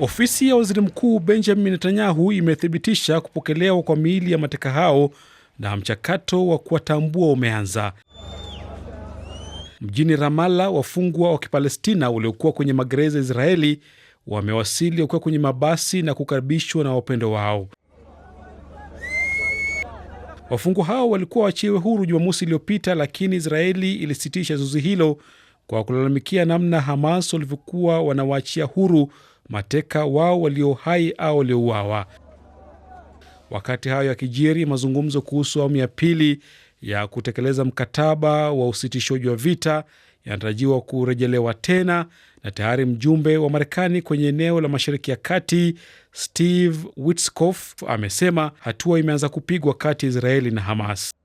Ofisi ya waziri mkuu Benjamin Netanyahu imethibitisha kupokelewa kwa miili ya mateka hao na mchakato wa kuwatambua umeanza. Mjini Ramala, wafungwa wa Kipalestina waliokuwa kwenye magereza ya Israeli wamewasili wakiwa kwenye mabasi na kukaribishwa na wapendo wao. Wafungwa hao walikuwa wachiwe huru Jumamosi iliyopita, lakini Israeli ilisitisha zoezi hilo kwa kulalamikia namna Hamas walivyokuwa wanawaachia huru mateka wao walio hai au waliouawa. Wakati hayo yakijiri, mazungumzo kuhusu awamu ya pili ya kutekeleza mkataba wa usitishaji wa vita yanatarajiwa kurejelewa tena, na tayari mjumbe wa Marekani kwenye eneo la Mashariki ya Kati Steve Witskof amesema hatua imeanza kupigwa kati ya Israeli na Hamas.